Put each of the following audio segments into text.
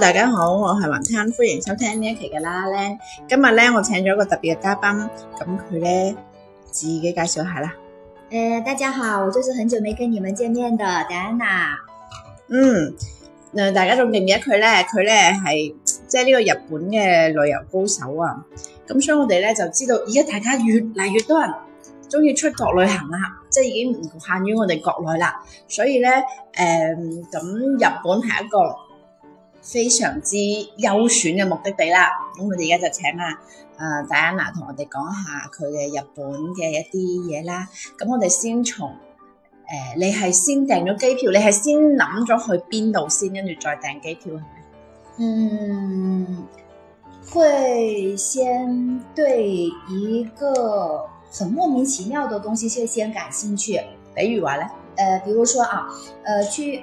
大家好，我係雲吞，歡迎收聽呢一期嘅啦咧。今日咧，我請咗一個特別嘅嘉賓，咁佢咧自己介紹下啦。誒、呃，大家好，我就是很久沒跟你們見面的戴安娜。嗯，嗱，大家仲記唔記得佢咧？佢咧係即係呢、就是、個日本嘅旅遊高手啊。咁所以我哋咧就知道，而家大家越嚟越多人中意出國旅行啦、啊，即係已經唔限於我哋國內啦。所以咧，誒、呃，咁日本係一個。非常之優選嘅目的地啦，咁我哋而家就請啊，啊戴安娜同我哋講下佢嘅日本嘅一啲嘢啦。咁我哋先從誒、呃，你係先訂咗機票，你係先諗咗去邊度先，跟住再訂機票係咪？嗯，會先對一個很莫名其妙嘅東西先先感興趣，比如話咧，誒、呃，比如說啊，誒、呃，去。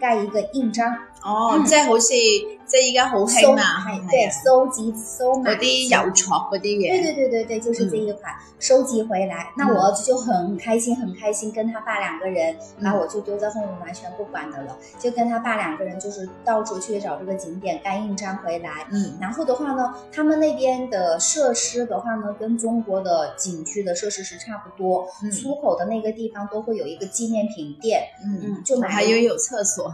蓋一個印章哦，即、嗯、係好似即係依家好興嘛。嘛，對，搜集，哎、搜集。買嗰啲郵戳嗰啲嘢。對對對對對，就是這一款，嗯、收集回來。那我兒子就很開心，嗯、很開心，跟他爸兩個人，那我就丟在後面完全不管的了，嗯，就跟他爸兩個人就是到處去找這個景點蓋印章回來。嗯，然後的話呢，他們那邊的設施的話呢，跟中國的景區的設施是差不多。嗯。出口的那個地方都會有一個紀念品店。嗯。嗯。就買。還有有廁所。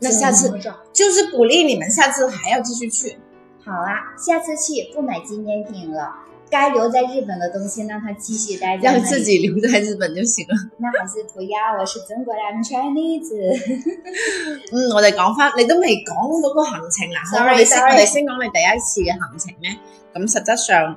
那下次就是鼓勵你們下次還要繼續去。好啊，下次去不買紀念品了，該留在日本的東西讓他繼續帶。要自己留在日本就行了。那還是不要，我是中國人，Chinese。嗯，我哋講翻，你都未講到嗰個行程啦，我哋先，sorry。我哋先講你第一次嘅行程咩？咁實質上。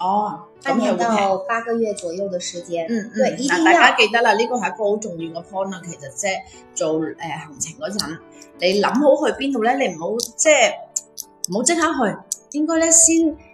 哦，半年到八個月左右嘅時間，嗯嗯，嗱，大家記得啦，呢、呢個係一個好重要嘅 point 啦，其實即係做誒、呃、行程嗰陣，你諗好去邊度咧，你唔好即係唔好即刻去，應該咧先。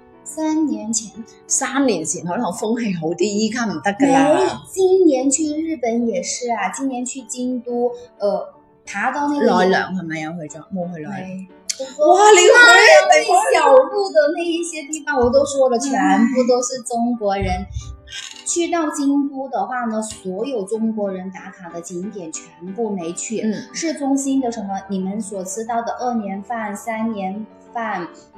三年前，三年前可能風氣好啲，依家唔得㗎啦。今年去日本也是啊，今年去京都，呃，爬到那，奈良係咪有去咗？冇去奈良，哎。哇，奈良那小路的那一些地方我都說了，哎，全部都是中國人。去到京都的話呢，所有中國人打卡的景點全部沒去。嗯。市中心的什麼你們所知道的二年飯、三年飯。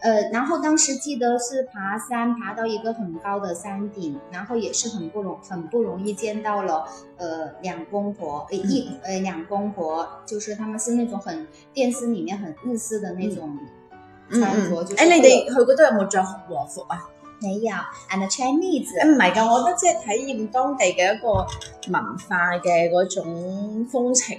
呃，然後當時記得是爬山，爬到一個很高的山頂，然後也是很不容很不容易見到了，呃，兩公婆，一、嗯、呃兩公婆，就是他們是那種很電視裏面很日式的那種穿着、嗯，就是。哎，你哋去嗰度有冇着有和服啊？沒有，I'm a Chinese。哎，唔係噶，我覺得即係體驗當地嘅一個文化嘅嗰種風情。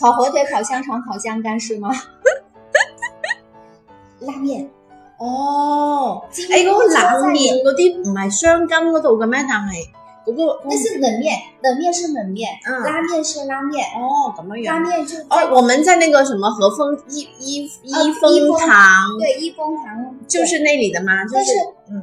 烤火腿、烤香腸烤、烤香乾是嗎？ 拉麵哦、oh,，哎，個拉麵嗰啲唔係湘江嗰度，但個那是冷麵，冷麵是冷麵，嗯、拉麵是拉麵。哦、嗯，樣，oh, 拉麵就哦，oh, 我們在那個什麼和風一一一風堂，對，一風堂就是那裡的嗎？就是，是嗯。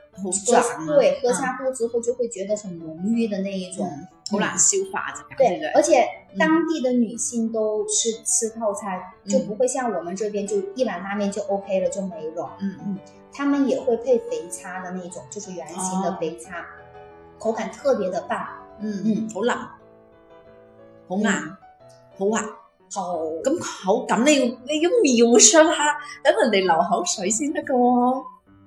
好爽、啊，對，嗯、喝下肚之後就會覺得很濃郁的那一種，好、嗯嗯、難消化嘅，對，而且當地的女性都吃、嗯、吃套餐，就不會像我們這邊就一碗拉麵就 OK 了就沒咗，嗯嗯，嗯，他們也會配肥叉的那種，就是圓形的肥叉，啊、口感特別的棒，嗯嗯，嗯，好腍，好硬，嗯、好滑、啊，好，咁口感、嗯、你你要描述下，等、嗯、人哋流口水先得㗎喎。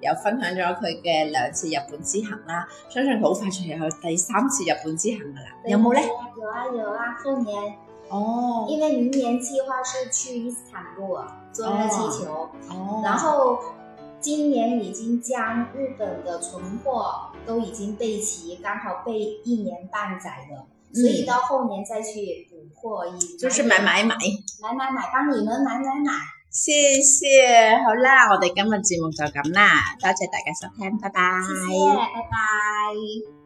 有分享咗佢嘅兩次日本之行啦，相信好快就又有第三次日本之行噶啦，有冇咧？有啊，有啊，後年哦，因為明年計劃是去伊斯坦布爾坐熱氣球哦，哦，然後今年已經將日本的存貨都已經備齊，剛好備一年半載的，所以到後年再去補貨，一就是買買買，買買買，幫你們買買買。謝謝，好啦，我哋今日節目就咁啦，多謝大家收聽，拜拜。謝謝，拜拜。